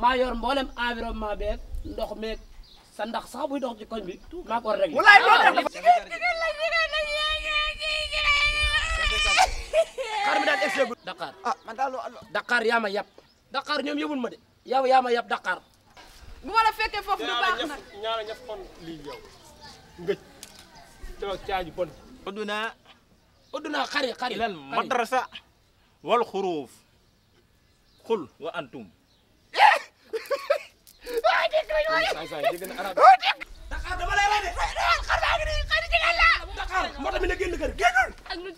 maa yor mboolem environnement beeg ndox meeg sa ndax sax buy dox ci koñ bi maa ko war a rek. walaay loolu def xar mi daal egg Dakar ah man daal Dakar yaa ma yab Dakar ñoom yëbul ma de yow yaa ma yab Dakar. bu ma la fekkee du baax nag ñaara kon lii yow ngëj toog bon uduna uduna xari xari ilal madrasa wal xuruuf xul wa antum saay saay dégg na arab Dakar dama lay rey de xar baa ngi nii xar jigéen la Dakar moo tax mi ne génn kër génnul